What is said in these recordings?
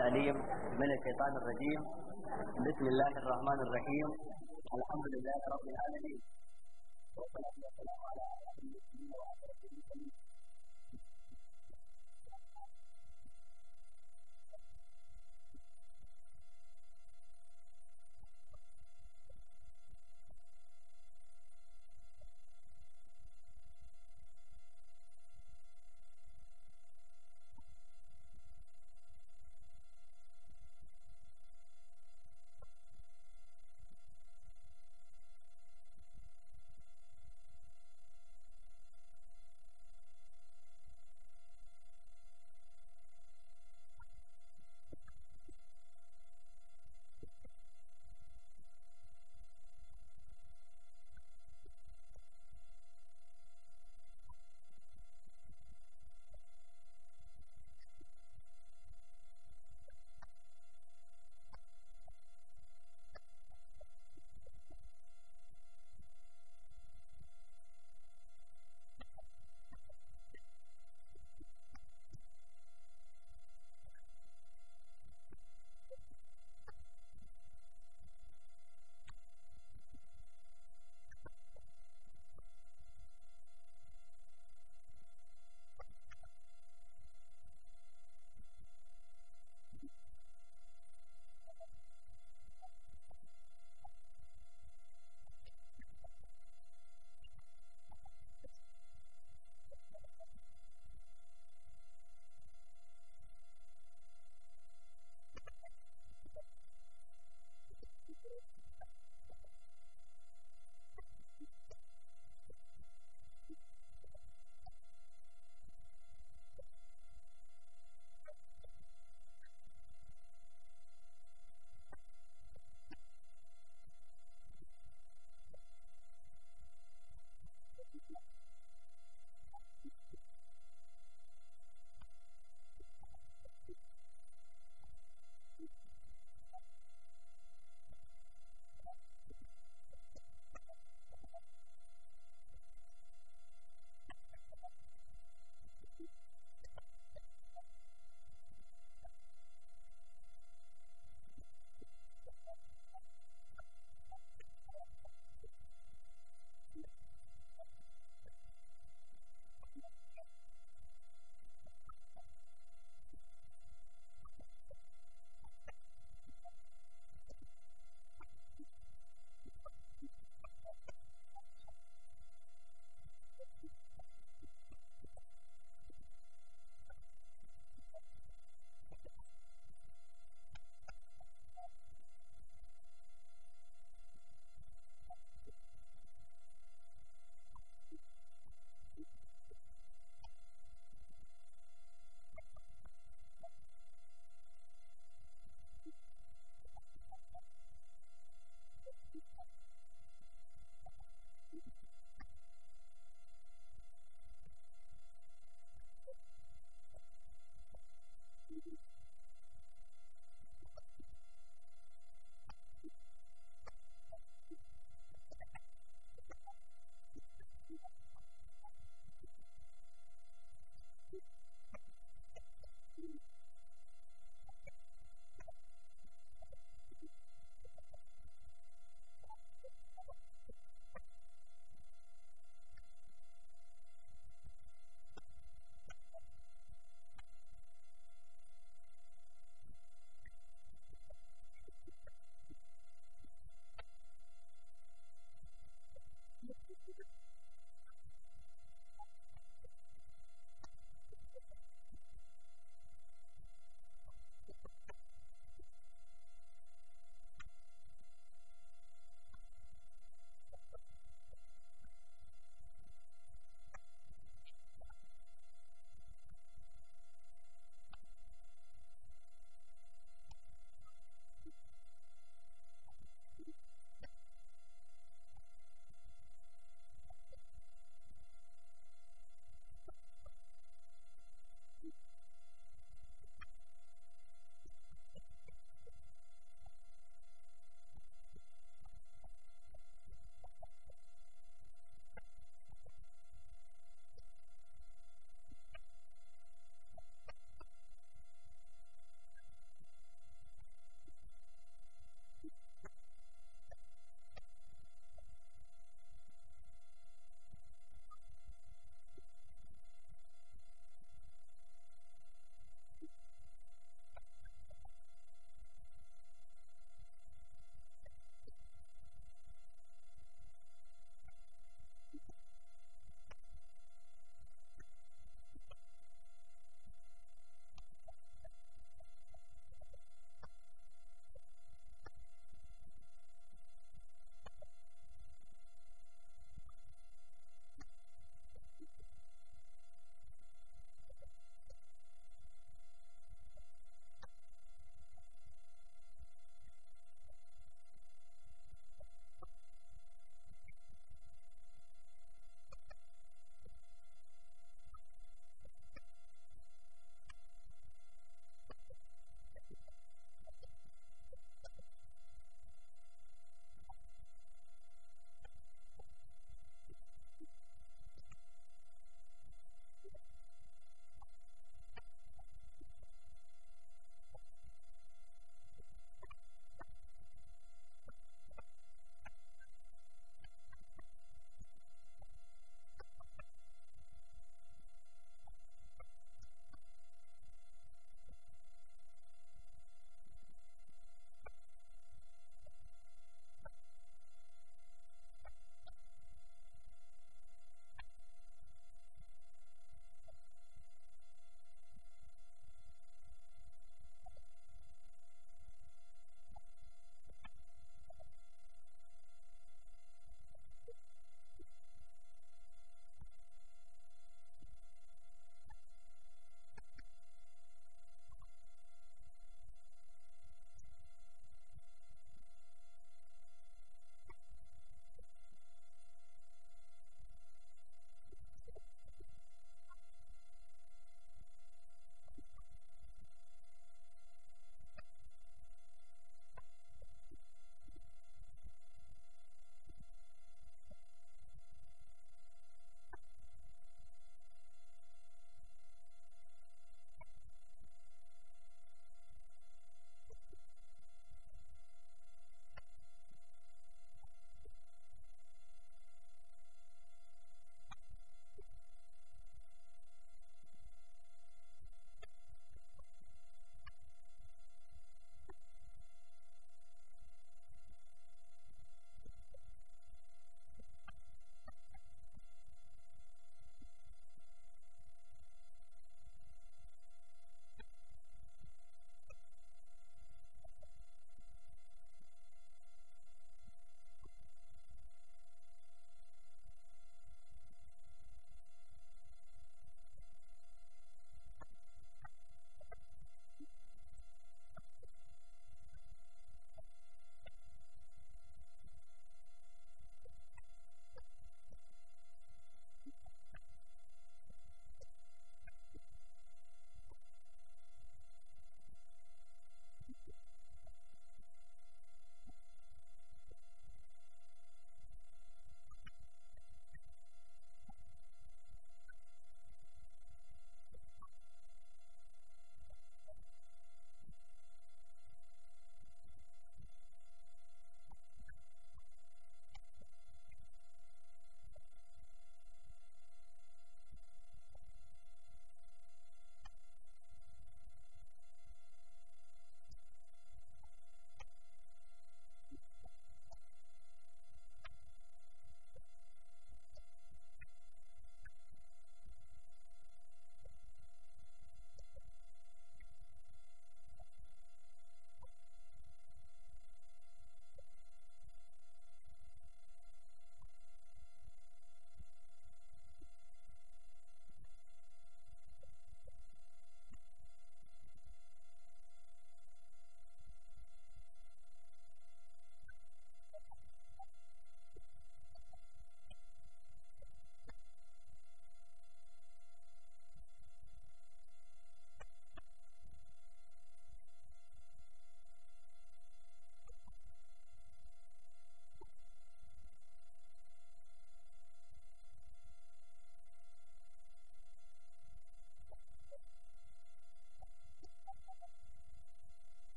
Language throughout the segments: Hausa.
الأليم من الشيطان الرجيم بسم الله الرحمن الرحيم الحمد لله رب العالمين والصلاة والسلام على أشرف المرسلين وأشرف المرسلين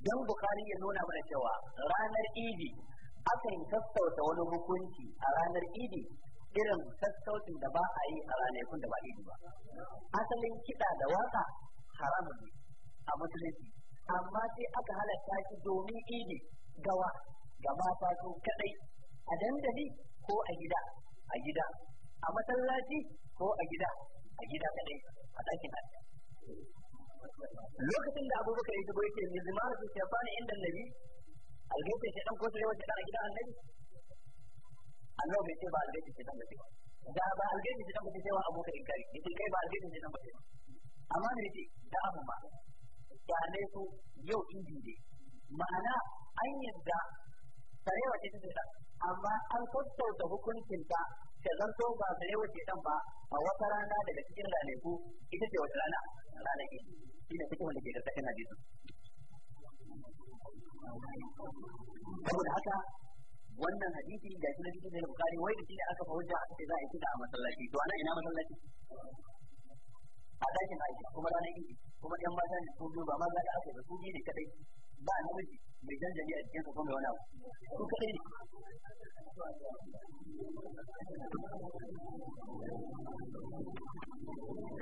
dan bukari ya nuna mana cewa ranar idi akan sassauta wani hukunci a ranar idi irin sassautin da ba a yi a ranakun da ba idi ba asalin kiɗa da waka haramun ne a musulunci amma sai aka halatta shi domin idi gawa ga mata su kaɗai a dandali ko a gida a gida a masallaci ko a gida a gida kadai a ɗakin lokacin da abubakar ya shigo yake mizmar su shafani inda nabi algaita shi dan kosa yawa shekara gidan annabi annabi bai ce ba algaita shi dan ba da ba algaita shi dan ba sai wa abubakar inkari yace kai ba algaita shi dan ba amma ne ce da abu ba ya ne su yau inji ne ma'ana an yadda sarewa ce ta da amma an sassauta hukuncin ta zanto ba sarewa ce dan ba a wata rana daga cikin ranaku ita ce wata rana lalaki shi ne cikin wanda ke karkashin hadisin saboda haka wannan hadisi da shi na cikin da bukari wai da shi ne aka fahimta aka ce za a yi kida a masallaci to ana ina masallaci a dakin aiki kuma ranar idi kuma yan mata ne su biyu ba ma za da aka da ba su biyu ne kadai ba namiji mai dandali a cikin kuma wani abu su kadai ne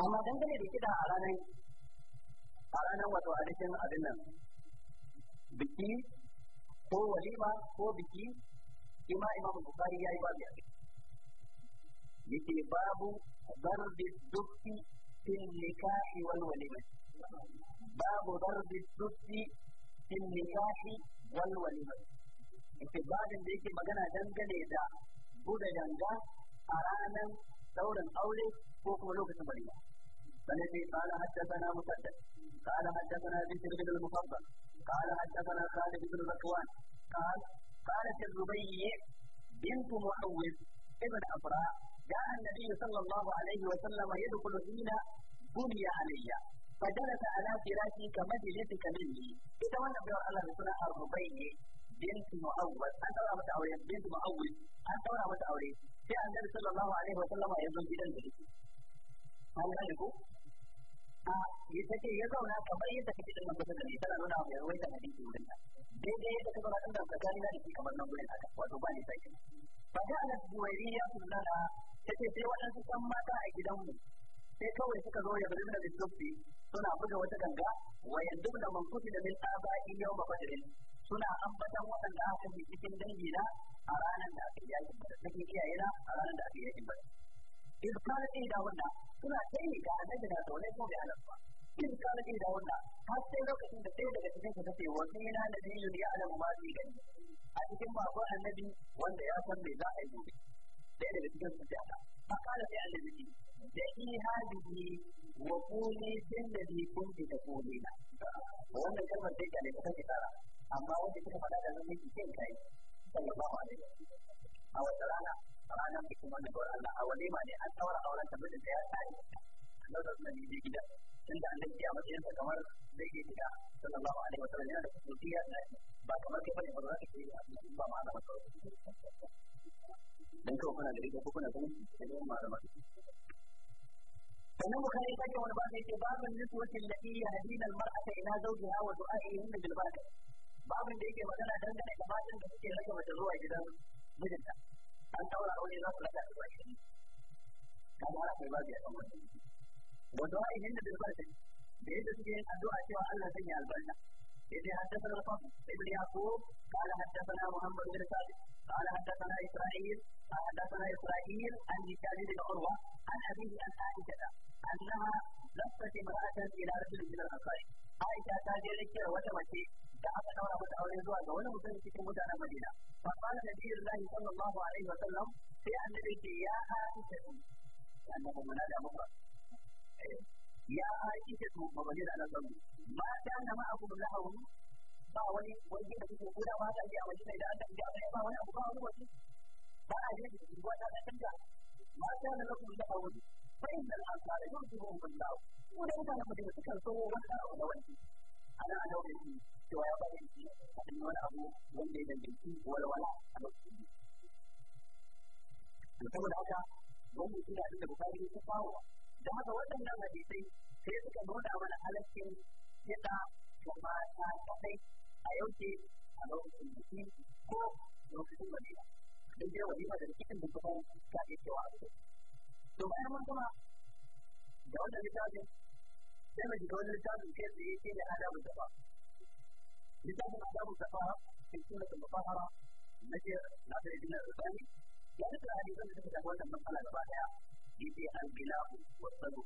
amma dangane da kiɗa a ranar a ranar wato a cikin abin nan biki ko walima ko biki shi ma imam bukari ya yi babu yake yake babu barbi dukki fil nikahi wal walima babu barbi dukki في النكاح والوليمة استبعاد ذلك مجنى دنجل إذا بودا جنجا أرانا ثورا قولي فوق ملوك سمرية فالذي قال حدثنا مسدد قال حدثنا بنت بن المفضل قال حدثنا خالد بن الركوان قال قالت الربيع بنت معوذ ابن أبراء جاء النبي صلى الله عليه وسلم يدخل فينا بني علي فجلس على فراشه كمجلس كليلي إذا وانا بيور الله بسنة الربيع بنت مؤول أن تورا متأوري بنت مؤول أن تورا متأوري في أن النبي صلى الله عليه وسلم يزن في ذلك هل ذلك ita ce ya zauna kamar yadda kake da manzo da tana nuna wa mai ruwaita hadisi wurin ta daidai yadda ka zauna da tsakani na da shi kamar nan gurin haka wato ba ni sai fa da al-juwayriya kullana tace sai waɗansu san mata a gidanmu sai kawai suka zo ya zalibna da sufi suna buga wata ganga wa yanzu da man kufi da min abai yau ba badrin suna ambatan waɗanda aka fi cikin dangi na a ranar da aka yi yakin badar cikin na a ranar da aka yi yakin badar in kana ɗin da wannan suna tsaye ga annabi na dole ko ya halarta in kana ɗin da wannan har sai lokacin da ɗaya daga cikin su ta ce wa zina na ya alamu ma zai gani a cikin babban annabi wanda ya san me za a yi gobe ɗaya daga cikin su ta haka sai annabi da ihadihi wa quli bil ladhi kunti taqulina wannan kalmar dai ga ne ta take tsara amma wanda kika faɗa da nan yake kai sallallahu alaihi a wata rana ranar kuma wannan gawar Allah a wani ma ne an tsawar auren ta mijin da ya tsari na zazzabi ne gida tun da annabi ya matsayin sa kamar zai yi gida sallallahu alaihi wa sallam yana da kusurciya na ba kamar kai bane ba za ka yi ba ma da matsaro dan kawai kuna da rika ko kuna ganin da yawan malama sannan mu kai sake wani babu yake babin niswatin lati yahdina almar'ata ila zawjiha wa du'a'ihin bil baraka babin da yake magana dangane da matan da suke rage mata zuwa gidan mijinta an daura aure za su raka zuwa gidan Kamar har akwai babu ya kan wannan wa du'a'ihin bil baraka da yadda suke yin addu'a cewa Allah zai yi albarka إذ حدثنا الفضل ابن يعقوب قال حدثنا محمد بن ثابت قال حدثنا اسرائيل قال حدثنا اسرائيل عن هشام بن عروه عن ابيه عن عائشه انها لفت امراه الى رجل من الانصار عائشه تاجر كير وتمشي da aka daura mata aure zuwa ga wani mutum cikin mutanen Madina fa qala nabiyullahi sallallahu alaihi wa sallam sai annabi ce ya aisha annabi mun da muka ya aisha to ba bane da ma ta ba wani wani da kuke ko da ma haka ake a madina idan aka yi abin ba wani abu ba wani wani ba a yi da ruwa ta ta canja ma ta na kuma da wani fa inna al-ansara yurjibuhum billah ko da mutanen madina suka so wani abu da wani ana da wani cewa ya bari shi a wani abu wanda ya danganci walwala a lokacin to saboda haka wannan shi ne abin da bukari ya kawo da haka waɗannan hadisai sai suka nuna mana halaccin kiɗa da mata kaɗai a yauke a lokacin biki ko lokacin walima duk dai wani da cikin da ta ke cewa a to bayan mun da wannan littafin sai mu shiga wani littafin kai tsaye shi ne adabun tafa littafin adabun tafa cikin sunnatun mutahara na ce na da ibn al-Rabbani ya rika hadisan da suka tafi wannan matsala gaba daya yace al-bilahu wa sabu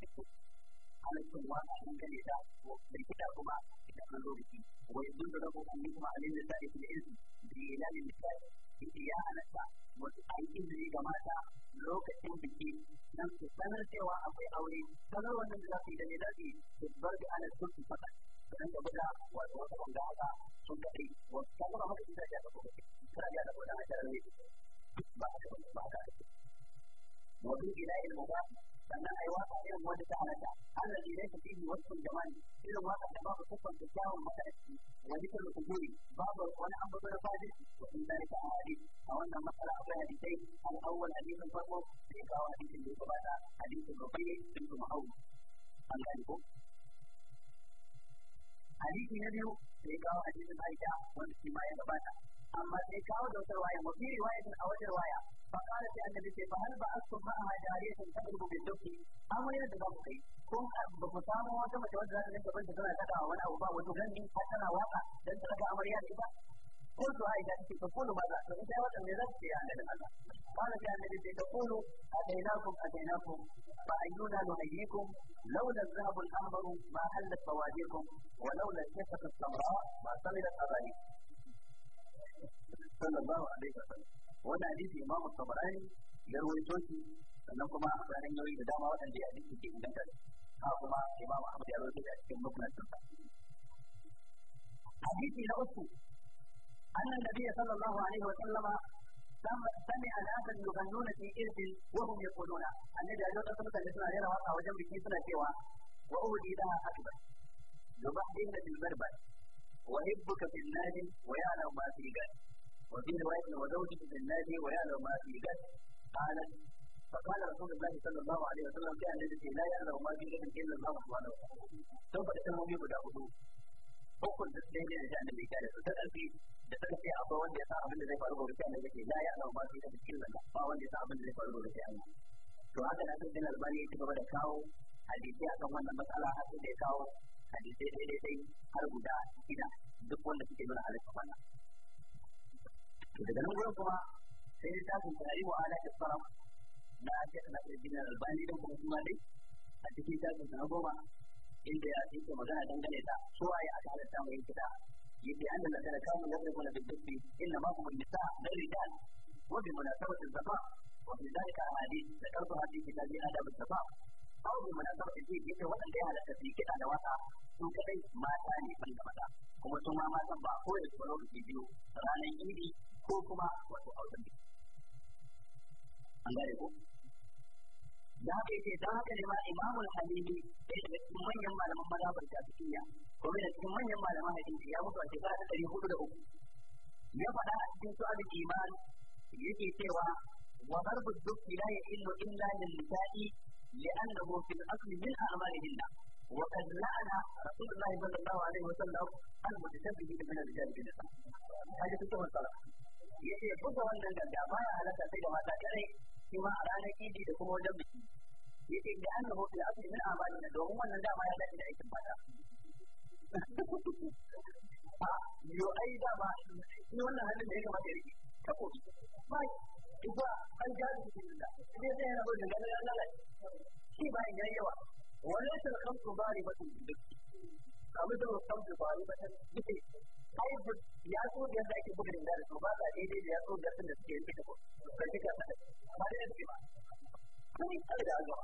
alaikum wa an gane da kuma da wannan lokaci wa yanzu da rabu an nikma alin da sa'i fil izni bi ilal misal ya halatta wato an izini ga mata lokacin biki nan su sanar cewa akwai aure sanar wannan da za su yi da ne za su yi su bar da ana sun su wata wanda haka sun ta da ba sannan ai waka irin wanda ta halatta Allah ne ya tafi ni wasu jamani irin waka da babu kufar da kyawun madaraci wa dukkan kujuri babu wani an babar fadi wa in dalika ahadi a wannan matsala akwai hadisai al-awwal hadisin farko da ya kawo hadisin da ya gabata hadisin rubai sun kuma hau an gani ko hadisi na biyu da ya kawo hadisin aisha wanda shi ma ya gabata amma sai kawo da wata riwaya mafi riwaya a wata waya. فقالت يا النبي فهل بعثتم معها جارية تضرب بالدكي أم يد ضبط كن بمسامة وكما توزع أنت كنت تنا تقع وأنا أوبا وتغني حتى أنا واقع لأنت لك عمليات إذا قلت جارتي تقول ماذا؟ فأنت يا وطن لنفسي يا النبي ماذا؟ قالت يا النبي تقول أتيناكم أتيناكم فأينا نهيكم لولا الذهب الأحمر ما حلت بواديكم ولولا الشفة السمراء ما سملت أغانيكم. صلى الله عليه وسلم wani hadisi imamu tabarani ya rawaito shi sannan kuma akwai hanyoyi da dama waɗanda ya hadisi ke inganta da ha kuma imamu ahmad ya rawaito shi a cikin mukulantin sa hadisi na uku أن النبي صلى الله عليه وسلم سمع ناسا يغنون في إرث وهم يقولون النبي عليه الصلاة والسلام يسمع غير واقع وجنب كيسنا سوى وأودي لها أكبر يضحين بالبربر وهبك في النار ويعلم ما في ذلك وفي رواية وزوجه في الناس ويعلم ما في ذلك قالت فقال رسول الله صلى الله عليه وسلم كان الذي لا يعلم ما في ذلك إلا الله سبحانه وتعالى ثم تسمى به guda hudu hukun da sai ne da annabi kana to ta dalbi da ta ce akwai wanda ya sa abin da zai faru gobe kana yake la ya Allah ba shi da cikin Allah ba wanda ya sa abin da zai faru gobe kana to haka da kan albani ya ci gaba da kawo hadisi akan wannan matsala har sai da ya kawo hadisi daidai har guda shida duk wanda suke nuna halitta daga nan gurin kuma sai littafin tarihi wa ala sarraf na ake na kirgin albani da kuma kuma dai a cikin tafin na goma inda ya yake magana dangane da su waye aka halatta mai kida yake an da kana kamun da kuma da dubbi inna ma kuma nisa da rijal wa bi munasabati zafa wa bi dalika ahadith da karbu hadith kitabi adab zafa aw bi munasabati ji yake wanda ya halatta fi kida da wata su kadai mata ne ban da mata kuma su ma matan ba ko da su lokaci biyu ranar idi ko kuma wato auren an gane ko da haka yake don haka ne ma imamul halili daga cikin manyan malaman mazhabar shafi'iyya ko da cikin manyan malaman hadisi ya mutu a shekara ta ɗari hudu da uku ya faɗa a su su'alul iman yake cewa wa darbu dukki la ya illa lil nisa'i li'annahu fil asli min a'malihinna wa وقد la'ana رسول الله صلى الله عليه وسلم mutashabbihin من al-rijal bin nisa hadisi ya ce buga wannan ganga ba ya halatta sai da mata kadai shi ma a ranar idi da kuma wajen biki ya ce da an rahoto da asali min amali na domin wannan dama ya dace da aikin mata a ah, yo ai ba. shi wannan hannun da ya kamata ya rike ta kofi ba duba an ja da cikin da ne sai yana gudun ganin ya lalace shi ba in yayi yawa wannan sarkan ku bari tun da abin da wasan ku bari batun duk ai ya so da yadda ake buga dinga da ba za daidai da ya so da sun da suke yin fita ko ban shi da ba da suke ba kai tsare da azaba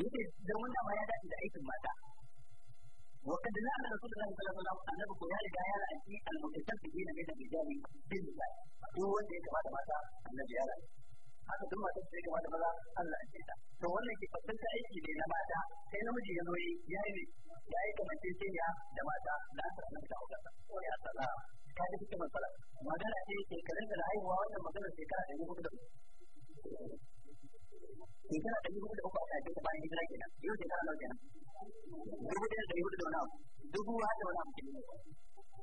yake da wannan ma ya daɗi da aikin mata وقد نعم رسول الله صلى ya عليه وسلم انه كان جاهل da المتسببين من الرجال بالله هو اللي كما مات النبي عليه aka duma ta ce gaba da maza Allah ya ta to wannan ke fassanta aiki ne na mata sai namiji ya zo yi ya yi ya yi kamar ya da mata na ta nan ta hukata ko ya sala ka ji cikin matsala magana ce ke karin da haihuwa wannan magana shekara da hudu da shekara da hudu da ka a kafin bayan hijira kenan yau shekara nawa kenan dubu ɗaya da hudu da wani abu dubu har da wani abu kenan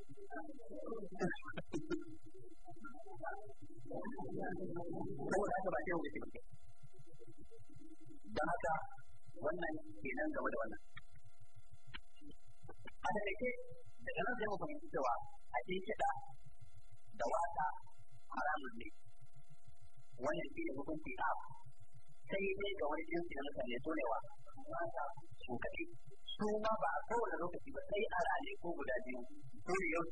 saboda haka ba shi hau da shi don haka wannan kenan game da wannan a da ke daga nan zai mu fahimci cewa a ce kiɗa da wata haramun ne wannan shi ne hukunci a sai dai ga wani jinsi na mutane tonewa mata su kaɗai su ma ba a kowane lokaci ba sai ara ne ko guda biyu ko da yau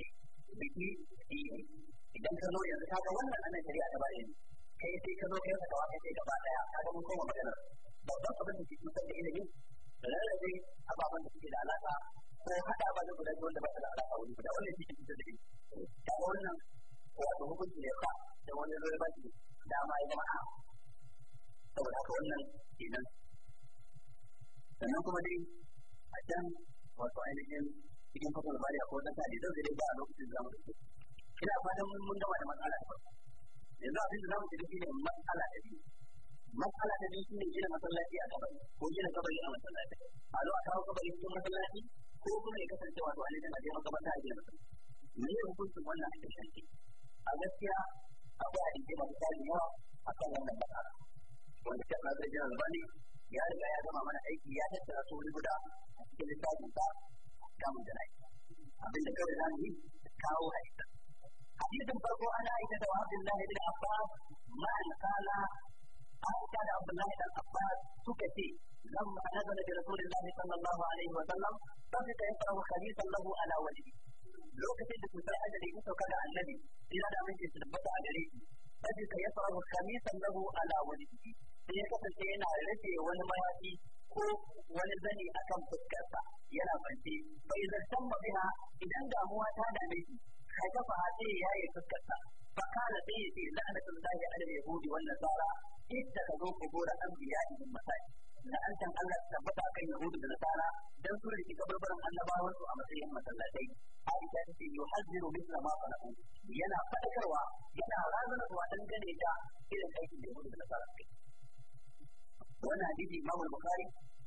biki dini idan ka zo yanzu kaga wannan anan shari'a ta bare ni kai sai ka zo kai ka tawa kai gaba daya kaga mun koma magana babban abin da ke cutar da ilimin lalace ababen da suke da alaka ko hada ababen guda biyu wanda ba su da alaka wani guda wannan shi ke cutar da ilimi kaga wannan wato hukunci ne fa da wani zai ba shi dama ya zama a saboda haka wannan kenan sannan kuma dai a can wato ainihin cikin fasul bari akwai wata sadi zan zai ba a lokacin zamu da ina fatan mun gama da matsala ta farko yanzu abin da zamu tafi shine matsala ta biyu matsala ta biyu shine gina masallaci a kabari ko gina kabari a masallaci a zo a kawo kabari cikin masallaci ko kuma ya kasance wato ainihin a je makabarta a gina masallaci me ya hukuncin wannan a kasance a gaskiya akwai a cikin masu yawa a kan wannan matsala wanda shi a zai gina albani ya riga ya gama mana aiki ya tattara su wani guda a cikin littafin sa damun da nai abin da kawai zamu yi kawo hadisi hadisin farko ana aika da Abdullahi bin Abbas ma an kala aika da Abdullahi bin Abbas suka ce zan لما sallallahu alaihi wa sallam الله عليه وسلم فبقى يقرأ خليفا له ala وجهه lokacin da kusa ajali ta sauka da annabi ina da da tabbata a gare shi sai ka yasrahu khamisan lahu ala wajhihi sai ya kasance yana rufe wani mayafi ko wani zani akan fuskarsa yana kwance bai zartan mabiha idan damuwa ta dame shi haifafa sai ya yi fuskarsa فقال سيدي لعنة الله على اليهود والنصارى اتخذوا قبور أنبيائهم مساجد la'antan Allah ta tabbata akan Yahudu da Nasara dan su rike kabarbaran annabawan su a matsayin masallatai Aisha ta ce yuhazziru mithla ma qalu yana fadakarwa yana razana wa dangane da irin aikin da Yahudu da Nasara suke وانا حديث امام البخاري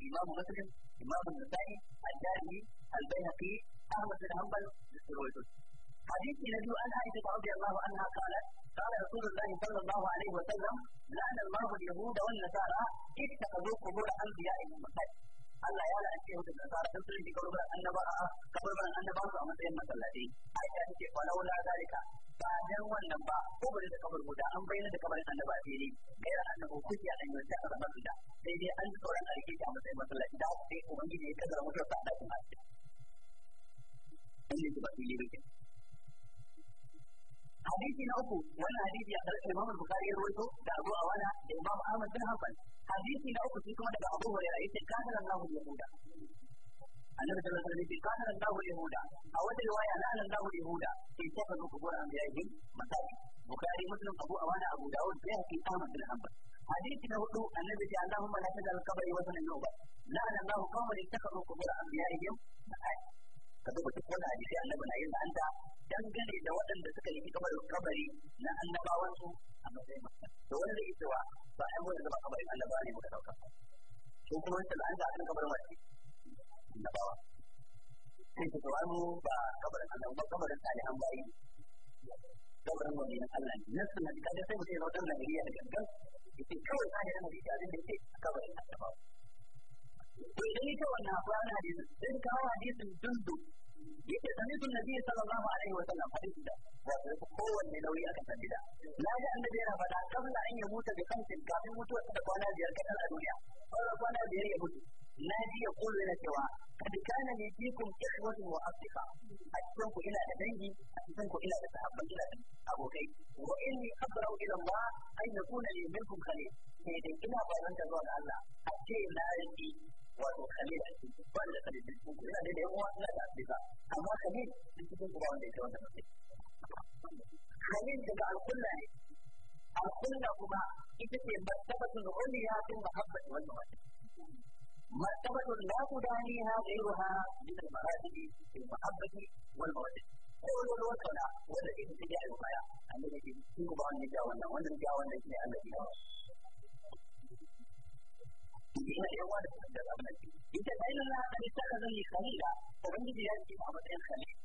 امام مسلم امام النسائي الدارمي البيهقي احمد بن حنبل رويته حديث النبي عن عائشه رضي الله عنها قالت قال رسول الله صلى الله عليه وسلم لعن الله اليهود والنصارى اتخذوا قبور انبيائهم مساجد الله ya la'anci hudu da tsara في قبور ji قبور annaba a karubar annaba su a matsayin masallaci aisha ba dan wannan ba ko bari da kamar guda an bayyana da kamar annaba fili kai ran annabi kuke an yi ta kaza da sai dai an tsoron a rike ta matsayin masallaci da haka sai ubangiji ya kaza mutum ta da kuma shi an yi ba fili ba hadisi na uku wannan hadisi ya ƙarshen Imam Bukhari ya rawaito da Abu a Awana da Imam Ahmad bin Hanbal hadisi na uku shi kuma daga Abu Hurairah yace kana Allahu yahuda annabi sallallahu alaihi wasallam kana Allahu yahuda a wata riwaya la ana Allahu yahuda in saka ku kubur anbiya'ihim masaki bukhari muslim abu awana abu daud bayhaqi ahmad bin hanbal hadisi na hudu annabi ya Allahumma la tajal al-qabr wa sanan nuba la ana Allahu qawman ittakhadhu qubur anbiya'ihim masaki ka duba duk wannan hadisi annabi na yin anda dangane da waɗanda suka yi kamar kabari na annabawan su a matsayin da wanda yake cewa ba ai wanda ba kabarin annaba ne muka dauka ko kuma wanda da an da an kabarin wani annabawa sai ka tawa mu ba kabarin annabawa ba kabarin salihan bayi kabarin wani na Allah ne nan sunan sai mutum ya zama dan Najeriya da gangan yake kawai salihan ne yake abin da yake kabarin annabawa to idan ita wannan akwai wani hadisin sai kawo hadisin dundu yake samitu nabi sallallahu alaihi wa sallam hadisi da wato yafi kowanne nauyi akan san bid'a na ji annabi yana faɗa kabla an ya mutu da kansin kafin mutuwar da kwana biyar kadan a duniya sauran kwana biyar ya mutu na ji ya kullu yana cewa kad kana li fikum ikhwatun wa asdiqa a cikin ku ina da dangi a cikin ku ina da sahabban ina da abokai wa inni abra'u ila Allah an yakuna li minkum khalil sai dai ina baranta zuwa ga Allah a ce na rinki wato khalil a cikin ban da khalil da cikin ina da yawa ina da afirka amma khalil da cikin kuma wanda ya wanda mutum khalil daga alkulla ne alkulla kuma ita ce martabatul uliya bin mahabbati wal mawadi martabatul la tudaniha ghayruha min al maratibi bil mahabbati wal mawadi kowane ruwan kauna wanda ke cikin ya yi baya annabi ke cikin kuma wanda ya ja wannan wanda ya ja wannan shi ne annabi ya wasu Ina ‘yan wani da abin Ita ta yi lana a nisa da zan yi khalila, Ubangiji ya ce a matsayin khalil.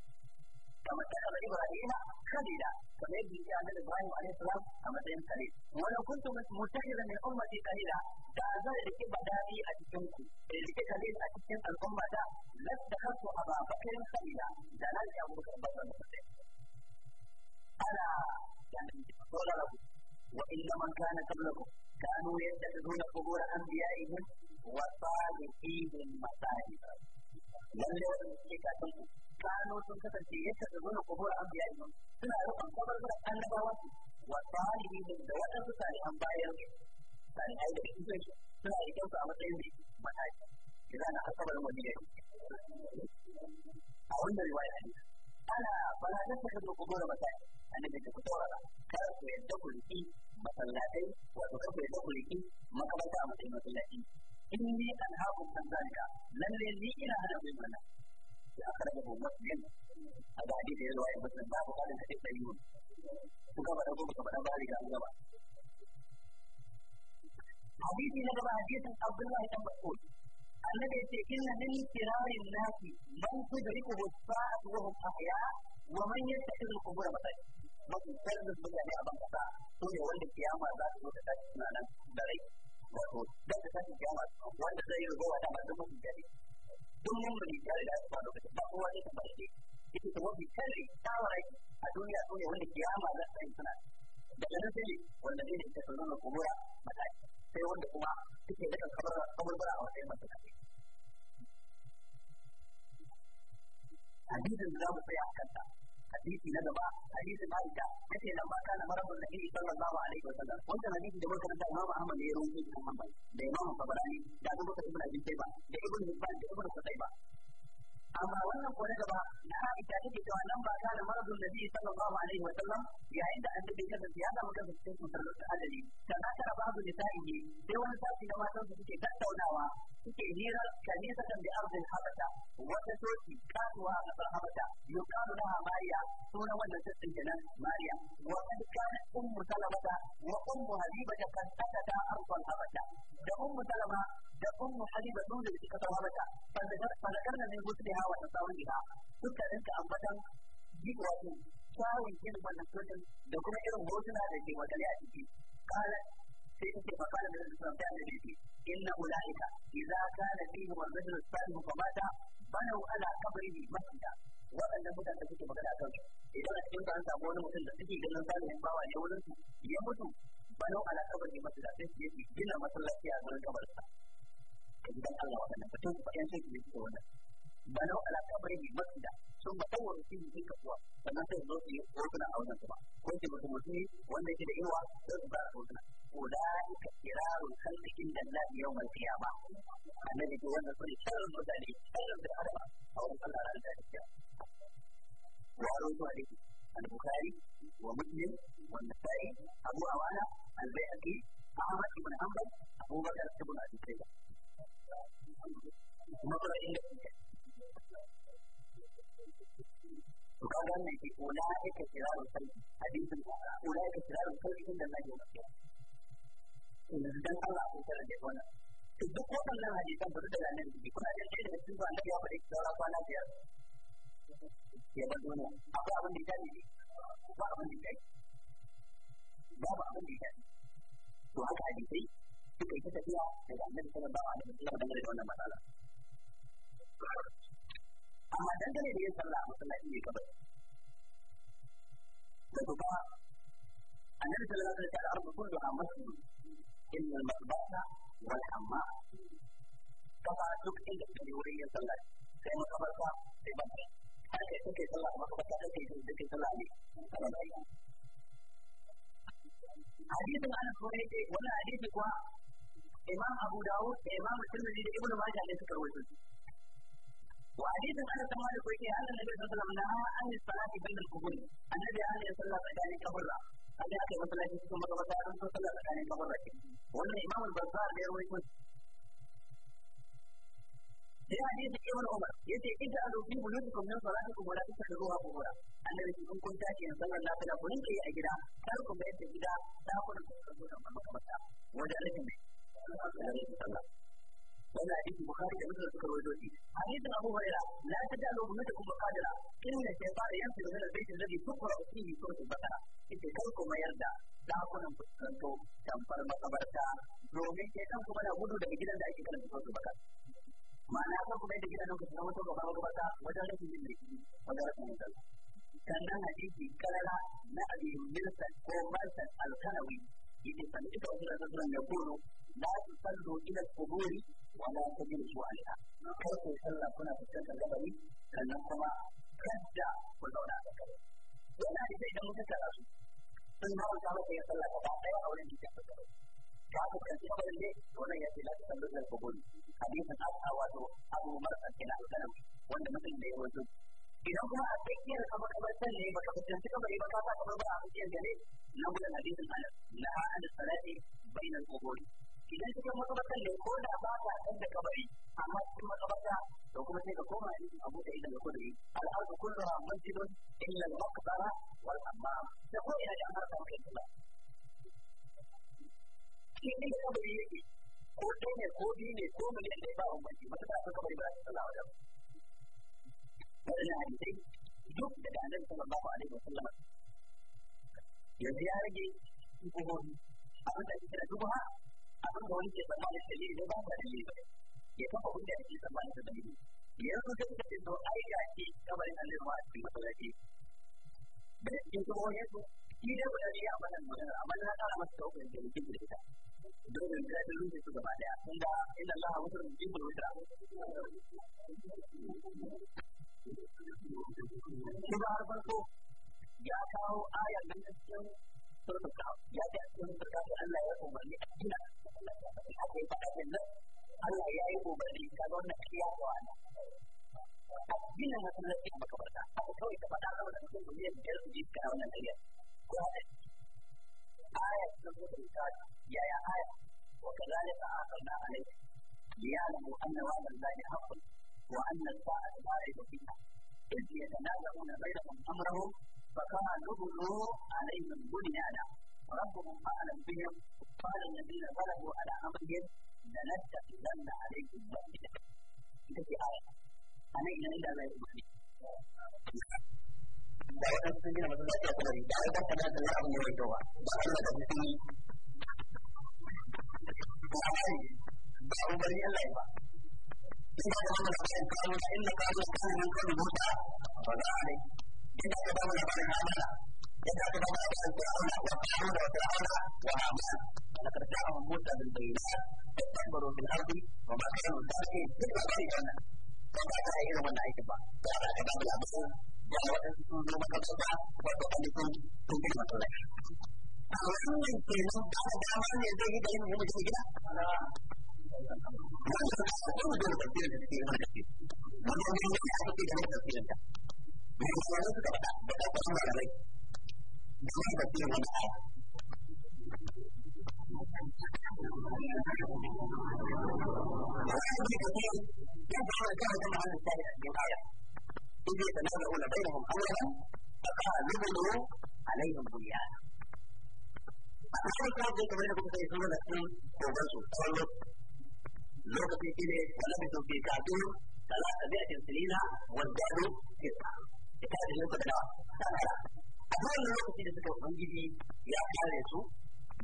Kamar ta kama Ibrahima khalila, kamar yadda ya ce Ibrahim a.s. a matsayin khalil. Wani kuntu mutakhira min ummati khalila, da zai rike badari a cikin ku, da rike khalil a cikin al'umma da lasta kanku a babakarin khalila, da na ce abubakar ba zan mutu. Ana, yana da wani rabu, wa illa man kana kablakum كانوا يتخذون قبور انبيائهم لم وصالحيهم مصاحب كانوا تنكتبتي يتخذون قبور انبيائهم سنة رقم قبر طيب. قبر أن بواسي وصالحيهم دوائر تصالح انبائهم سنة ايضا كنتوش سنة ايضا كنتوش مصاحب إذا أنا أصبر المدينة أقول رواية حديثة أنا فلا تتخذوا قبور مصاحب أنا بيتكتورة كانوا يتخذوا فيه masallatai wato kafa da kulki makaranta a matsayin masallaci in ni an haku kan zalika lalle ni ina hana mai mana ya akarba ko muslim a ga hadisi ya zuwa ibn ba ku kalin hadisi da yun ku gaba da gobe gaba da bari ga gaba hadisi na gaba hadisin abdullahi dan mas'ud annabi yace inna min kirarin nasi man tudriku as-sa'atu wa hum ahya wa man yattakhidhu al-qubur masajid mafi sharrin mutane a ban su ne wanda kiyama za su zo ta tashi suna nan da rai wato tashi kiyama wanda zai yi rubuwa da masu mafi jari duk mun mun jari da aka faru da kowa zai tabbata ce ita ta mafi sharri a duniya su ne wanda kiyama za su tashi suna daga nan sai wanda ne ta zo na kubura mataki sai wanda kuma suke da kaburbura a matsayin mataki hadisin da za mu tsaya a kanta hadisi na gaba hadisi ita yace nan ba kana marabun nabi sallallahu alaihi wasallam wannan hadisi da muka da Imam Ahmad ya rawaito shi Muhammad da Imam Tabarani da Abu Bakar ibn Abi Shayba da Ibn Hibban da Ibn Qutayba amma wannan ko na gaba na Aisha take cewa nan ba kana marabun nabi sallallahu alaihi wasallam yayin da annabi ya da ziyada muka kansa cikin cutar da adali kana tara babu nisa'i sai wani sashi na matan su suke tattaunawa suke hira kanisa kan bi arzin habata wata toki kasuwa a kasar habata yuqalu ha mariya suna wannan sassin kenan mariya wa kad kanat ummu salamata wa ummu habibata kan atata arzin habata da ummu salama da ummu habiba sun da suka kasar habata fadakar da hawa da wa tasawiha suka rinka ambatan wato kyawun irin wannan sassin da kuma irin hotuna da ke wajen a ciki sai in ce makalar da zai samu da yake inna ulaika idza kana fihi wal rajul salih fa mata banau ala qabrihi masjida waɗannan mutane suke magana kan su idan a cikin an samu wani mutum da suke ganin salihin bawa ne wurin su ya mutu banau ala qabrihi masjida sai yake yi gina masallaci a gurin kabarinsa ka gidan Allah waɗannan mutum ba yan sai su yi wannan banau ala qabrihi masjida sun ba tsawon su yi duka kuwa sannan sai zo su yi hotuna a wajen su ba ko ce mutum mutum wanda yake da yawa sai su ba أولئك شرار الخلق عند الله يوم القيامة النبي يقول أن كل شر المدني شر بالأدب أو صلى على ذلك وأروي عليه البخاري ومسلم والنسائي أبو عوانة البيهقي أحمد بن حنبل أبو بكر بن أبي شيبة مثلا إن وقال أن أولئك شرار الخلق حديث أولئك شرار الخلق عند الله يوم القيامة yanzu dan Allah ko kana da wannan to duk waɗannan hadisan ba da nan ne kuna da ɗaya daga cikin annabi ya faɗi sauran kwana biyar ya bar duniya akwai abin da ya tafi ba abin da ya tafi babu abin da ya to haka hadisai suka yi ta tafiya daga annabi sallallahu alaihi wasallam dangane da wannan matsala amma dangane da yin sallah a ne kawai da kuma annabi sallallahu alaihi wasallam ya ce al-ardu kulluha إلا المقبرة والحمام طبعا duk inda ka je wurin yin sallah sai makabarta sai bakai har kai kake sallah a makabarta kake yin kake sallah ne hadisin ana kuma yake wannan hadisi kuwa imam abu dawud da imam tirmidhi da ibnu majah ne suka rawaito وحديث أنا سمعت كويتي هذا النبي صلى الله عليه وسلم نهى عن الصلاة بين القبور النبي عليه الصلاة والسلام قبرها an yi aka yi masallaci cikin magabata an so sallah tsakanin kabarraki wannan imamul bazzar da ya rawaito sai hadisi ibn umar yace idda azu fi buyutikum min salatikum wa la tusalluha qubura annabi in kun tashi in sallar lafiya ku rinke ke a gida kar ku bayar da ta dakunan ku da ta. wajen rikin ne sallah wannan hadisi bukhari da muslim suka rawaito shi hadisin abu huraira la tajalu ummatakum maqadira inna shaytana yanfiru min albayt alladhi tuqra fihi suratul baqara yace kar ku mayar da dakunan fuskanto tamfar makabarta domin ke dan kuma na gudu daga gidan da ake karanta suratul baqara ma'ana kan kuma yadda gidan ku na mutu gaba gaba wajen rashin jin laifi wajen rashin jin sannan hadisi karara na abi milsan ko malsan alkanawi yake sami ita wasu da sassan ya kono la tusallu ila al wala ta gina su alaiha kar ku sallah kuna fuskantar gabari sannan kuma kadda ku zauna a gabari yana da zai dan mutunta da su sun hawa ta maka ya sallah gaba daya a wurin jikin gabari ta fuskanci gabarin ne ya ce la ta sallu da kuburi hadisin aka wato abu marsa kina alkalam wanda mutum da ya wato idan kuma a tsakiyar kamar kamar san ne baka fuskanci kamar ba ka sa kamar ba a tsakiyar gare Na gudan hadisin anas na ha'an salati bainal kuburi idan cikin makabartar ne ko da ba ka san da kabari amma cikin makabarta to kuma sai ka koma ne a buɗe idan ka kudi al'arzu kulluha masjidun illa al-maqbara wal hammam da ko ina da an harka maka kula shi ne da kabari yake ko ɗaya ne ko biyu ne ko miliyan ɗaya ba a umarci mata da aka kabari ba za ta tsalla wajen waɗannan hadisai duk daga annabi sallallahu alaihi wa sallam yanzu ya rage shubuhohi abin da ake kira shubuha abin da wani ke tsammanin da ne ba ta dalili ba ya kafa hujja da ke tsammanin da dalili yanzu sai suka ce to ai ga shi kabarin annabi ma a cikin masallaci da cikin kuma wani yanzu shi dai guda ne ya amana magana amma na kara masa tawakal da yake da ita dole ne da su gaba daya tunda inna Allah mutum jibul witra shi ba har ya kawo ayar nan cikin berdoa jadi yang berkata Allah ya ubali adina hati pada jenna Allah ya ubali kalau nak dia tuan adina masalah yang berkata aku tahu itu pada Allah dan itu dia dia di kawan dia ayat tersebut ya ya ayat وكذلك آخرنا عليه ليعلموا أن وعد الله حق وأن الساعة لا ريب فيها إذ يتنازعون بينهم أمرهم فكما نبنوا عليهم بنيانا ربهم اعلم بهم قال الذين غلبوا على امرهم لنتخذن عليهم مسجدا. ita ce aya a nan idan inda zai umarni da waɗansu sun gina masallaci a kabari da ai baka da na abin da ya ba da Allah da mutum yi da amari da umarni Allah ya ba in ba da wannan labarin kawo da inna kawo da kawo da kawo da kawo da kawo da kawo إنا كتبنا عليهم عملا إنا كتبنا عليهم فرعون وقارون وفرعون وهامان ولقد جاءهم موسى بالبينات فاستكبروا في الأرض وما كانوا سابقين مثل فريقنا وما كان إلا من عيد الله جعل كتاب الأبصار جعل وتنسون يوم تبصرها وتقلبون تنكلمة لك wannan kenan ba da dama ne zai yi da yin mutum gida wannan da su da tafsirin da suke yi mana tafsirin da su da tafsirin da 没有说那个的，我到上面来，你那个地方的好。我要这个地，要不然这样就把你带领带呀，因为本来我那边有朋友，他说如果有，反正有不一样。أنا أقول لك أن هذا الموضوع الذي يحصل لوقت الدين ولبثوا في كعبهم ثلاث مئة سنين وازدادوا تسعة. ita da yau da samara a wannan lokaci da suka ubangiji ya kare su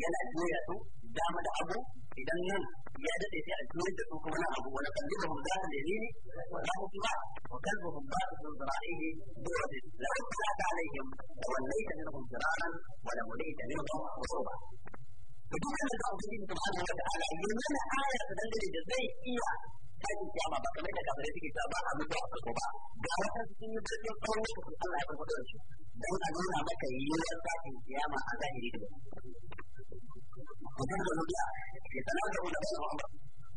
yana juya su dama da abu idan nan ya dade sai a juya da su kuma na abu wani kalli da hulza da dalili wala hukuma wa kalbu hubba da zara'ihi dole la hukuma ta alaihim da wallaita minhum zira'an wa la mulaita minhum usuba duk wanda da ubangiji subhanahu wa ta'ala yana aya ta dangane da zai iya tashin kiyama ba kamar da kafirai suke cewa ba a mutuwa a farko ba ga wata cikin mutane tsawon lokacin Allah ya da su don a nuna maka yiwuwar tashin kiyama a zahiri da mutum da mutuwa ya sanar da wanda ba ba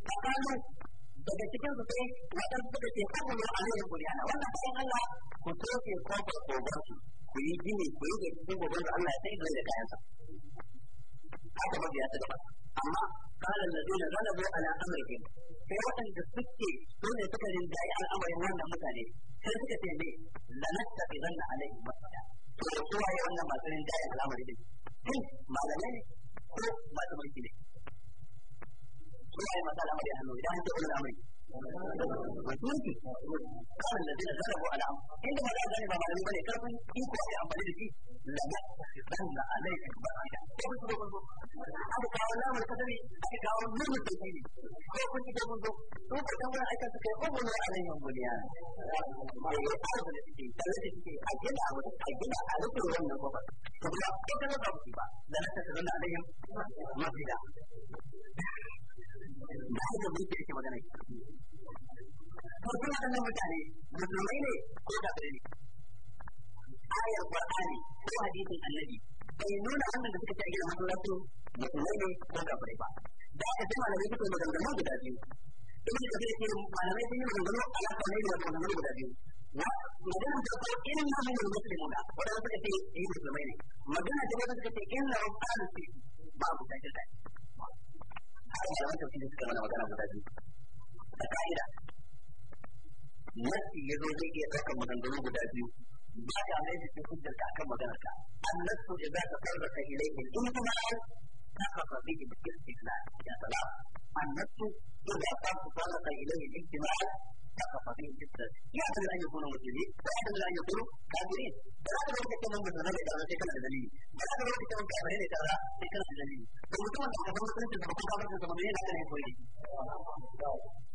tsakanin daga cikin su sai waɗansu suka ce kan mu a nan kuriyana wannan bayan Allah ku toke kofar kogon su ku yi gini ku yi da cikin gobe da Allah ya sai da kayansa haka ba ya ta gaba amma قال الذين غلبوا على امرهم sai waɗanda suke su ne suka rinjaye al'amarin wannan mutane sai suka ce ne lanatta idan na alaihi masada to da kowa ya wannan masu rinjaye al'amari ne shin malamai ne ko masu mulki ne kowa ya masu al'amari a hannu idan an ce wani al'amari mutunci kawai da zai zarafu ala inda ba za a zane ba malami bane karfin iko ya amfani da shi lama zanna alaikum barida ko kun zo kun zo abu kawo lamar kadari aka kawo nuna tafsiri ko kun ji kun zo ko ka dan wani aikin suka yi ko mun alaihim buliya ba ya fara da shi da shi ke a gida a wata a gida a rufe wannan kofar to ba ko kana ba ba da na ta zanna alaihim masjida da haka mun da yake magana ki to kun da nan mutane musulmai ne ko da bare ne ayar qur'ani ko hadisin annabi bai nuna wannan da suka ci a gidan masallaci musulmai ne ko da bare ba da haka sai malamai suka maganganu guda biyu ibn kabir ce malamai sun yi maganganu ala ne da maganganu guda biyu magana ta ko innahum almuslimuna wanda suka ce eh musulmai ne magana ta ko suka ce innahum ahlus babu tajalla da wancan su suka mana magana guda biyu a ka'ida nasi ya zo zai iya ɗaukar maganganu guda biyu ba ta mai da cikin da ta kan magana ta an nasu da za ta farba ta ilaihi in kuma ta kafa bihi da kirkina ya salam an nasu da za ta farba ta ilaihi in kuma كفر يحتمل ان يكونوا مسلمين ويحتمل ان يكونوا كافرين فلا تقول لك كمان مثلا ما يتعرف كان دليل فلا تقول لك كمان كافرين يتعرف كان دليل فمتون لو كنت انت تقول لك انت تقول لك انت تقول لك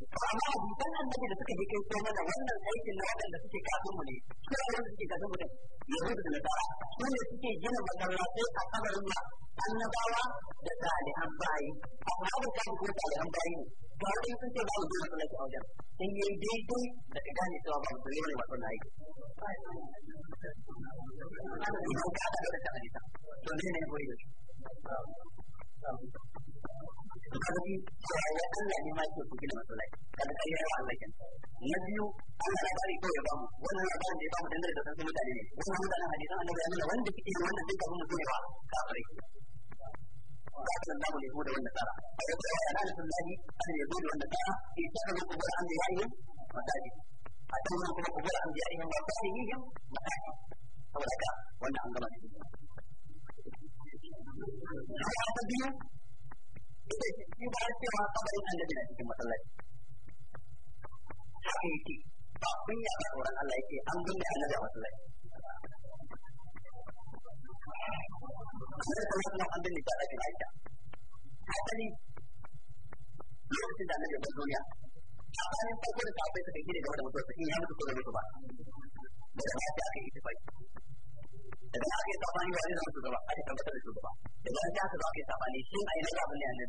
to amma hadisan annabi da suka dake ko mana wannan aikin na wadanda suke kafin mu ne su ne wanda suke kafin mu ne yahudu da nasara su ne suke gina masallatai a kabarin ma annabawa da salihan bayi amma da kafin ko salihan bayi ne ga wani sun ce babu gina masallaci a wajen sai yi daidai da ka gane cewa babu da yawan masu na aiki to ne ne koyi da to kaga shi ya Allah ne ma yake ku gina masallaci kaga kai yawa Allah kin na biyu Allah labari ko ya bamu wannan labarin da ya bamu dangane da sanin mutane ne wannan mutanen hadisan annabi Allah wanda kike wannan duka mun mutum ya kafirai وأعطى الله اليهود والنصارى ويقول لعنة الله على اليهود والنصارى اتخذوا قبور أنبيائهم مساجد اتخذوا قبور أنبيائهم وصالحيهم مساجد أولئك وأن أنظر بهم bai shi ba cewa kabarin annabi na cikin masallaci haka yake ba kunya ba tsoron Allah yake an binne annabi a masallaci annabi sallallahu alaihi an binne ta dakin Aisha asali lokacin da annabi ya duniya a farko da ta bai ta kai game da mutuwarsa in ya mutu ko da mutu ba da ba ta aka yi tafai idan aka yi sabani wani zama shugaba aka tabbatar da shugaba idan aka zo aka yi sabani shin a yi na zaɓin ne a nan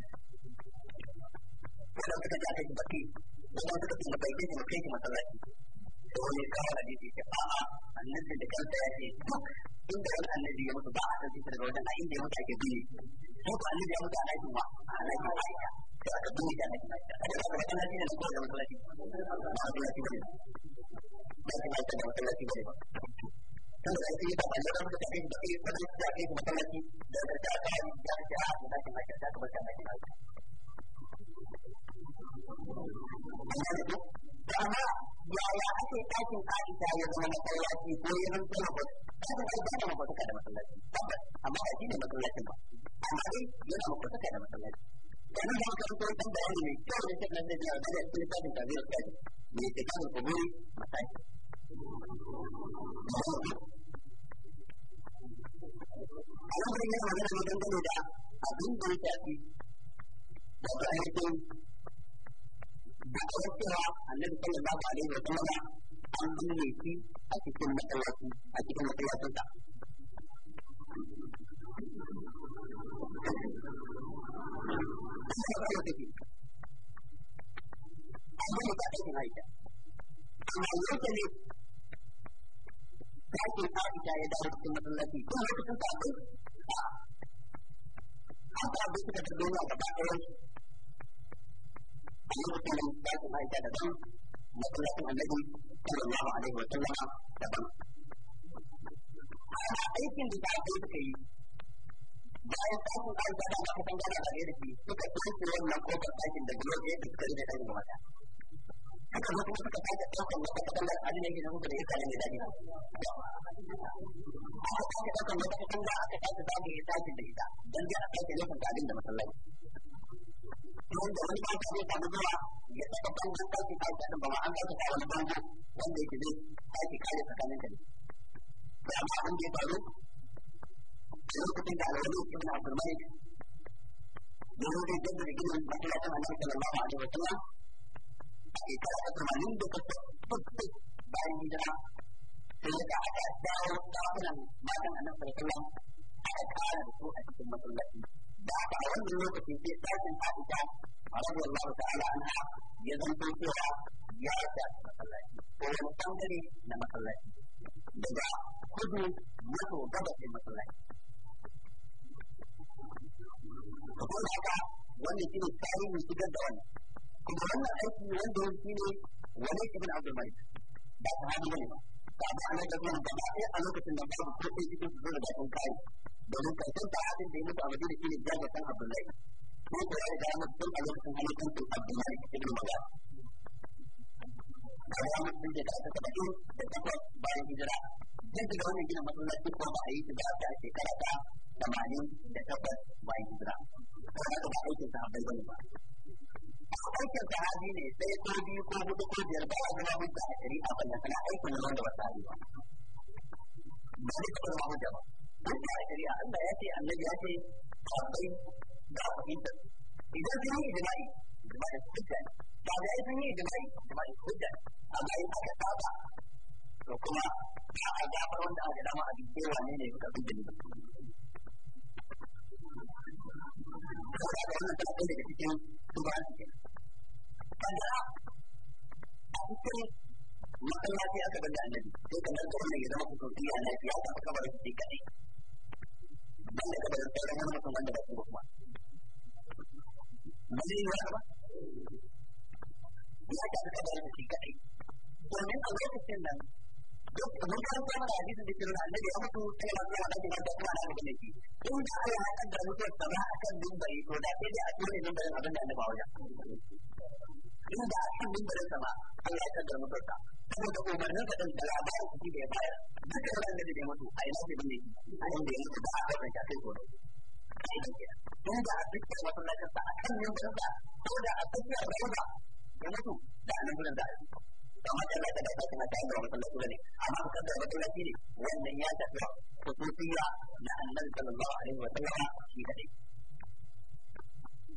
wadda suka ji aka yi baki wadda suka ce bai yi mutum masallaci da wani kawo ke ce a'a annabi da kansa ya ce duk inda wani annabi ya mutu ba a sauke daga wajen a inda ya mutu ake biyu ko annabi ya mutu a ɗakin ba a ɗakin aisha da aka biyu da ɗakin aisha a daga wajen hadisi ne na kowane masallaci ba a masallaci ba ne ba a masallaci ba ne ba tun da ake da malaran da kake da kake da kake da kake da masallaci da da da da da da da da da da da da da da da amma yaya ake ɗakin Aisha ya zama masallaci ko ya zama tabbas ɗakin Aisha yana makwataka da masallaci tabbas amma ba shi ne masallacin ba amma dai yana makwataka da masallaci wannan da aka rubuta dan bayani mai kyau da take nan da jiya da cikin tafin da zai kai ne ke kan kuburi masallaci al'amarin yana magana ne dangane da abin da ya shafi wato da da'awar cewa annabi sallallahu alaihi wa sallama an binne shi a cikin masallaci a cikin masallacinsa amma ba ta aikin haita amma yau ne dakin Aisha ya dawo cikin masallaci ko lokacin ta akwai an ta abu suka ta duniya gaba ɗaya a lokacin da dakin Aisha daban masallacin annabi sallallahu alaihi wa sallama daban ana aikin da ta akwai suka yi bayan dakin Aisha da aka san gana da ya da shi suka tsoke wannan kofar dakin da gulo ya fita da dakin gaba ɗaya suka zo kuma suka sake ɗaukar wata katanga abin da yake da mutu da ya sani mai daɗi ba. Aka sake ɗaukar wata katanga aka sake zagaye sashin da ita don dai a sake lokacin abin da masallaci. wanda wani banka zai samu zuwa ya saka bangon ɗaki ta kaɗin ba ma an saka ta wani bango wanda yake zai ɗaki kare tsakanin ka ne. Da amma abin da ya faru a lokacin da alwali ibn Abdulmalik yanzu zai jaddada ginin masallacin annabi sallallahu alaihi wa sallam kita akan termandung betul betul bayi kita sehingga ada daun daun yang badan anak berkelam ada kala itu ada pembatul lagi dapat orang dulu ketika saya sempat ikan Allah Allah Ta'ala anha dia dan tuha dia ada masalah orang utang tadi ada masalah juga kudu mahu dapat di masalah kemudian apa wanita ini sekali mesti gantuan إذا wannan aiki wanda yake shine wani ibn Abdul Malik ba ta hadu ne ba ta ba ana da wannan gaba ɗaya a lokacin da babu ko sai cikin zuwa da kan kai domin karshen ta hadin da ya mutu a Madina shine jaga san Abdullahi ko ko ya ga mu tun a lokacin halittar da Abdullahi ibn Malik da ya mutu da ta ta baki da ta bayan hijira duk da wannan gina masallaci ko ba a yi ta da a shekara ta 88 bayan hijira ko da ba aikin sahabbai bane ba aikin sahabi ne sai ko biyu ko hudu ko biyar ba ya zama hujja a shari'a wannan kana aikin na wanda ba sahabi ba ba zai taɓa zama hujja ba hujja a shari'a Allah ya ce annabi ya ce sahabbai ga fahimtar idan sun yi ijma'i ijma'i hujja ne ba da sun yi ijma'i ijma'i hujja ne amma in aka saba to kuma ba a gafar wanda aka dama a bincike wane ne suka bin da Saboda wannan ta daga cikin tuba kaddara a cikin masallaci aka bada annabi sai ka nan wannan ya zama kusurciya na ya ka kabarin shi kaɗai ban da kabarin sauran wani mutum wanda ba su ba kuma ba zai yi wani ba ya ka da. shi kaɗai domin a lokacin nan duk mun kan da hadisin da kiran annabi ya mutu da kuma da kuma da kuma shi in da Allah ya kaddara mutuwar sa ba a kan dubai to da kuma dai a tone nan da abin da inda hannun da sama Allah ya kaddara mutarsa saboda umarnin ka din da labarin shi da ya bayar duk da ran da ya mutu a ina ce bane a inda ya mutu ba a kan ta kai goro inda a duk da masallacin sa a kan yin barka ko da a tafiya rayuwa ya mutu da nan gurin da ake kamar da zaka da kake mata da masallaci bane amma ka da masallaci ne wannan ya tafi kusurciya da annabi sallallahu alaihi wa sallam shi kadai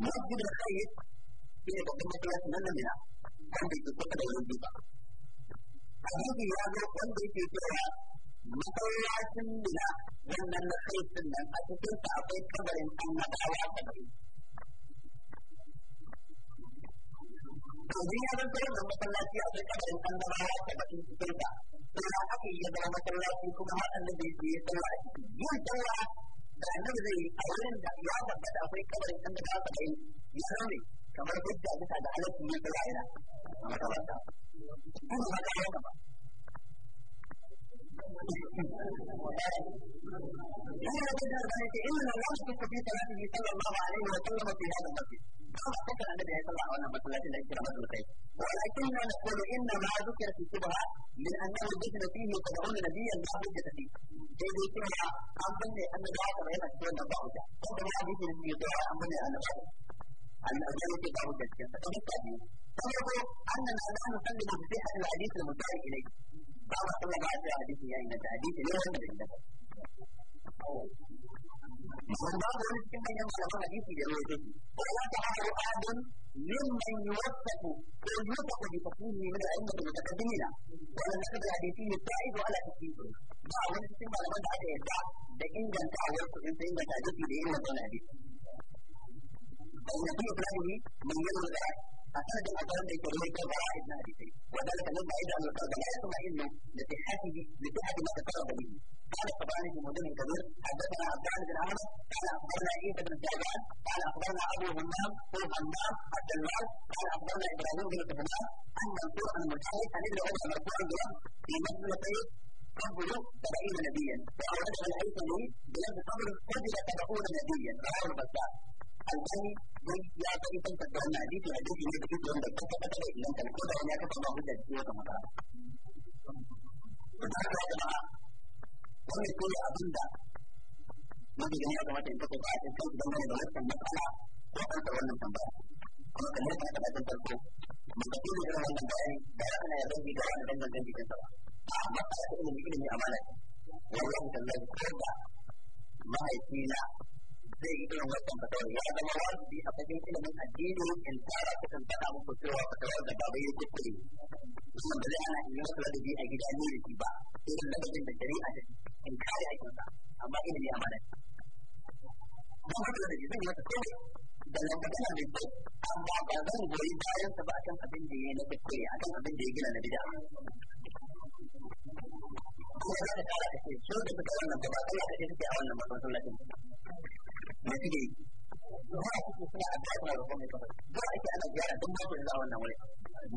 موجود الخير في بقية نمنا wanda ke kusa da wurin duba. Hadisi ya zo wanda yake cewa masallacin nuna wannan na kai nan a cikin sa akwai kabarin annabawa kabarin. Domin ya zanto wannan masallaci akwai kabarin annabawa kabarin cikin sa. Sai ya aka yi ya zama masallaci kuma har annabi ke yi sallah a ciki. Yin sallah da annabi zai yi a wurin da ya tabbata akwai kabarin ɗan da ta saba'in ya rauni kamar hujja bisa da halaccin yin tsira'ira a makabarta. Kuma haka ya ba. لا يجد ذلك الا الوصف في صلاته صلى الله عليه وسلم في هذا المسجد كما ذكر النبي صلى الله عليه وسلم التي ذكر مسجدين ولكننا نقول ان ما ذكر في الشبهه من انه ذكر فيه يتبعون نبيا لا حجه فيه sai dai kuma an binne annabawa kamar yana cikin wannan babu da ko da ya bi ne da an binne annabawa annabawa yake babu da cikin sa kuma ta biyu kuma ko annana nahnu sallu bi hadith al-mutari ilayhi بعض الله بعد حديث يعني الحديث اللي هو عندك من بعض ممن ينصر حديث جريته ولا تعالى أحد ممن يوثق أو يوثق بتصميمه من الأئمة المتقدمين ولم يقدر حديثه السائد ولا تكفيره بعض ممن لما دعا يدعى ده إنجا تعالى إنت إنجا تعالى حديثه بإنجا تعالى حديثه فإن في إبراهيم من يرد أفاد الأقوال ليس هو القضاء المعرفي وذلك لما إذا أن القلب لا يطمئن لصحته لصحة ما تقرب به قال الطبراني في معجم الكبير حدثنا عبدان بن عمر قال أخبرنا عيسى بن الجعفر قال أخبرنا أبو همام هو همام الدلال قال أخبرنا إبراهيم بن سفيان أن منصور المجاهد عن ابن عمر مرفوعا له في مسألة قبل سبعين نبيا وأورده العيسى بلفظ قبل قبل سبعون نبيا رواه البزار Alkan dia dia akan tentang kerana ini dia ada ini begitu dalam bentuk kata kata ini yang kalau kita hanya kata bahu dan dia sama sama. Betul tak? Kami kuli abinda. Nanti dia akan macam itu kita akan tahu dengan yang lain sama sama. Kita akan terus sama sama. Kalau kita tidak akan terus maka itu dia akan menjadi dalam yang lebih dalam dan dan dan kita sama. Ah, maka itu menjadi amalan. Yang lain terlebih kepada. Maha Tuhan zai yi irin wannan fatawar ya zama wajibi a fagen ilimin addini in tara ku kan faɗa muku cewa fatawar da baba ya kuskure kuma da zai ana in yi masa a gida ne da ba irin ladabin da shari'a ta in kare aikinsa amma ilimi a mana ba ku da zai masa kawai da lambata mai kyau amma ba zan goyi bayansa ba akan abin da ya yi na kuskure akan abin da ya gina na bida kuma ya da kara kace so da suka wannan gaba ɗaya kace suke a wannan masallacin me suke ba a cikin suna a da kuma rukun ka ba ake ana ziyara don ba su da wannan wuri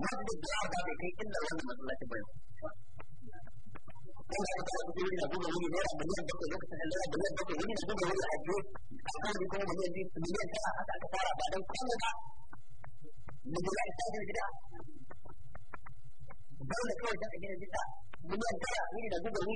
masjid da ba bai kai inda wannan masallacin ba ko da ka ga wuri na gudu wuri ne amma ne da ko lokacin da Allah da ko wuri na gudu wuri a je a kan ko mun yi mun yi ta haka aka fara ba dan kuma ba mun yi ta gida Bagaimana kau cakap kita kita Bunyi antara ini dah juga ini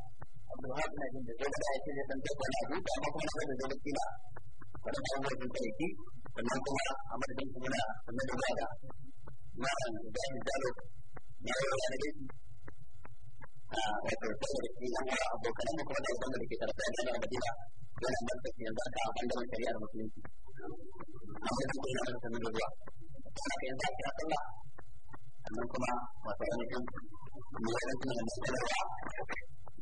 Tuhan nak jadi jodoh saya sini tentu pun aku tak mahu nak jadi jodoh kita. Pada tahun dua ribu ini, penampung amat dengan semula dengan dua ada. Malam dan jalur jalur lagi. Ah, itu tu dari kita mula abu kerana mahu ada orang dari kita terus ada apa dia. Dan yang kesian dah dah pandai mencari arah muslim. Amat dengan semula dengan dua ada. Karena kita tak kira tu lah. Penampung amat dengan semula dengan dua ada.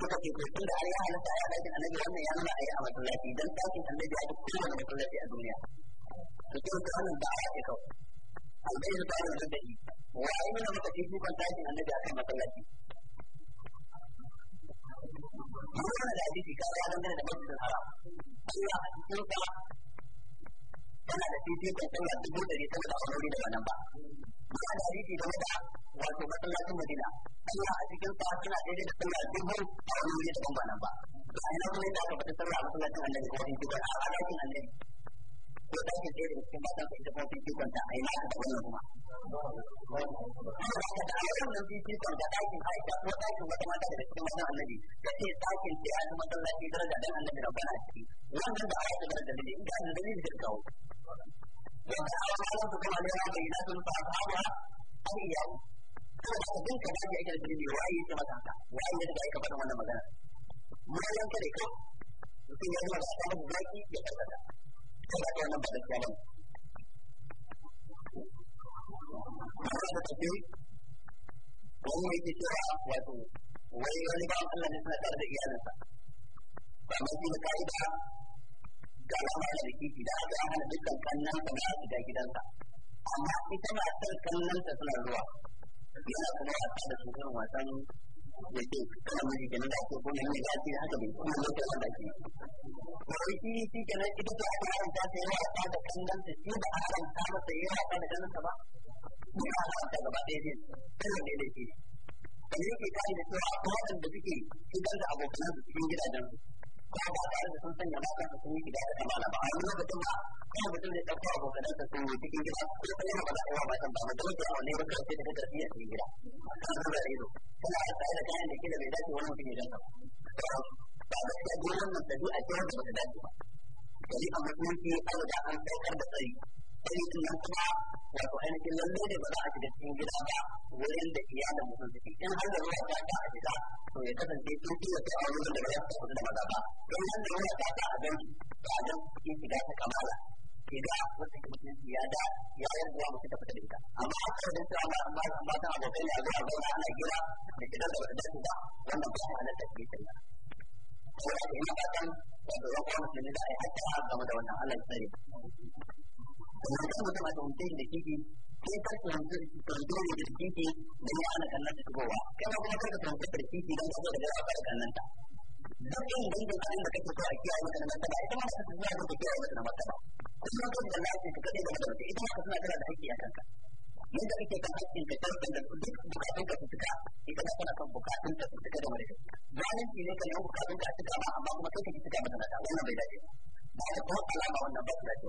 suka ce to tunda har ya halatta ya dakin annabi wannan ya nuna ayi a masallaci dan dakin annabi ya fi kowane masallaci a duniya to kin ga wannan da aya ce kawai albayr da ya da dadi wa ai nuna maka shi dukan dakin annabi a kan masallaci wannan da hadisi ka ya dangane da masjidil haram Allah sun ka tana da fifikon sallah dubu ɗari sama da aurori da wannan ba ba da hadisi game da wato masallacin madina sallah a cikin sa tana daidai da sallah dubu a wani wuri ba nan ba ba ina kuma ina aka faɗi sallah a masallacin annabi ko in ji ba a ɗakin annabi to da shi sai da cikin matan su ita kuma sun kikon ta a ina aka da wannan kuma. Haka da ayyukan nan sun kikon ta ɗakin Aisha ko ɗakin wata mata daga cikin matan annabi da ce ɗakin ce ya fi masallaci daraja dan annabi na gana ciki wannan da Aisha daraja ne inda da dalili da kawo. Wanda a wani su kuma ne ya bayyana sun fa ashabu an iya yi. Kuma da abin ka dace ake da dalili waye ya maka haka waye ya daga aika faɗin wannan magana. Mu yanka ne kawai. Mutum ya zama da a samun zaki ya karkata. kai da wannan ba gaskiya ba da tafi wani mai cewa wato wai wani ba Allah ne suna tare da iyalinsa ba mai kuma ka'ida ga alama da rikici da aka hana dukkan kannan sa na shiga gidansa amma ita ma san kannan ta suna zuwa yana kuma wasa da su irin wasan jadi kalau mesti kena baca pun yang dia baca lah tapi pun dia tak baca kalau isi isi kena itu tu apa yang dia tanya apa yang dia kandang sesuatu apa yang sama sehingga apa yang dia sama dia apa yang dia kata dia dia kena dia dia dia jadi kita ada tu apa yang dia fikir kita tak apa-apa kita tak apa-apa ya ga da sun san ya ba ka su yi da ya kamata ba a yi lokacin da kuma mutum zai ɗauka abokan sa su yi cikin gida ko kuma yana ba da yawa ba san ba mutum da wani ba kan sai da kada su yi a cikin gida kan su da ido kuma a tsaye da kayan da kila bai dace wani mutum ya danta ba ba gaskiya gurin nan da a kira da ba ta dace ba. Dari a mutum ke an riga an ɗaukar da tsari ainihin nan kuma wato ainihin lalle ne ba za a shiga cikin gida ba wurin da iyalin mutum suke in har da ruwa ta ta a gida to ya kasance sun da ta a wurin da ba za su kudu da maza ba don har da ruwa ta ta a gan ba a gan cikin shiga ta kamala shiga wata ke ya da ya yi ruwa mutum ta fita da ita amma a kan dan cewa ma ta abokai ne a zuwa zauna ana gida da gidan da ba dace ba wannan ba a nan da yi ko da ina ba kan wato ya kuma mutum ne da hatta game da wannan Allah ya wannan mutum a tsohon da kiki ne da ta gowa kai ma kuma kar ka tsohon da kiki don ka da ya fara kallon ta duk yin da a kiyaye mata na na martaba ita ma ka suna tana da a kanka yadda kake kan haƙƙin da duk bukatun ka su tuka ita ma tana kan bukatun ka su ne ka amma ka ki tuka mata ta wannan bai ta alama wannan ba su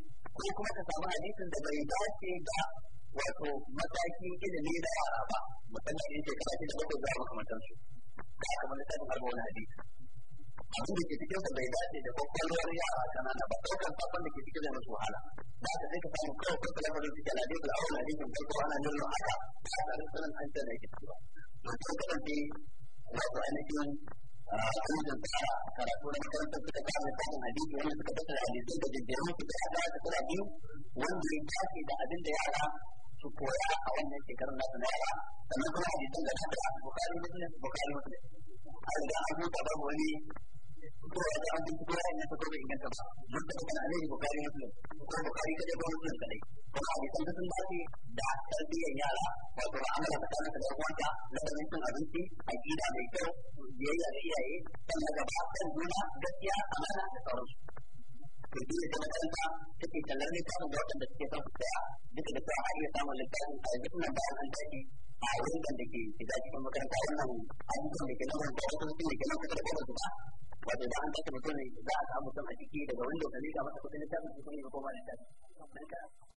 ko kuma ka samu hadisin da bai dace da wato matakin ilimi na yara ba musamman in shekara shida bakwai zuwa makamantansu da aka mana tsarin harba wani hadisi abin da ke cikin sa bai dace da kwakwalwar yara kanana ba ɗaukar sakon da ke cikin zai musu wahala da aka sai ka samu kawai kan kalamarin cikin hadisi da awon hadisin farko ana nuna haka ba a tsarin sanin an tsarin da ke ciki ba. Mutum kasance wato ainihin wannan ta karatu na makarantar suka kama karin hadisi wanda suka tattara hadisai da jirgin su da ya ta tara biyu wanda ya dace da abin da yara su koya a wannan shekarun nasu na yara sannan kuma hadisan da na tara bukari musulun bukari musulun a riga an huta babu wani kowa da an duk kowa na fito bai inganta ba mun da kana alai bukari muslim ko bukari kada ba muslim kadai ko a bisan sun ba shi da tarbiyyar yara da ko amala ta kana da kwanta da ganin cin abinci a gida mai kyau biyayya ga iyaye sannan da ba san juna gaskiya amana da sauransu kirkiri da makaranta take tallar littafin da waɗanda suke son su tsaya duka da cewa har iya samun littafin a yanzu suna bayan an tashi a wurin da ke shiga cikin makaranta wannan abubuwan da ke nan wanda wasu suke ke nan kusa da gwamnati ba wato da an baka mutum za a samu mutum a jiki daga wani lokaci mika masa kudin littafin su kuma ya koma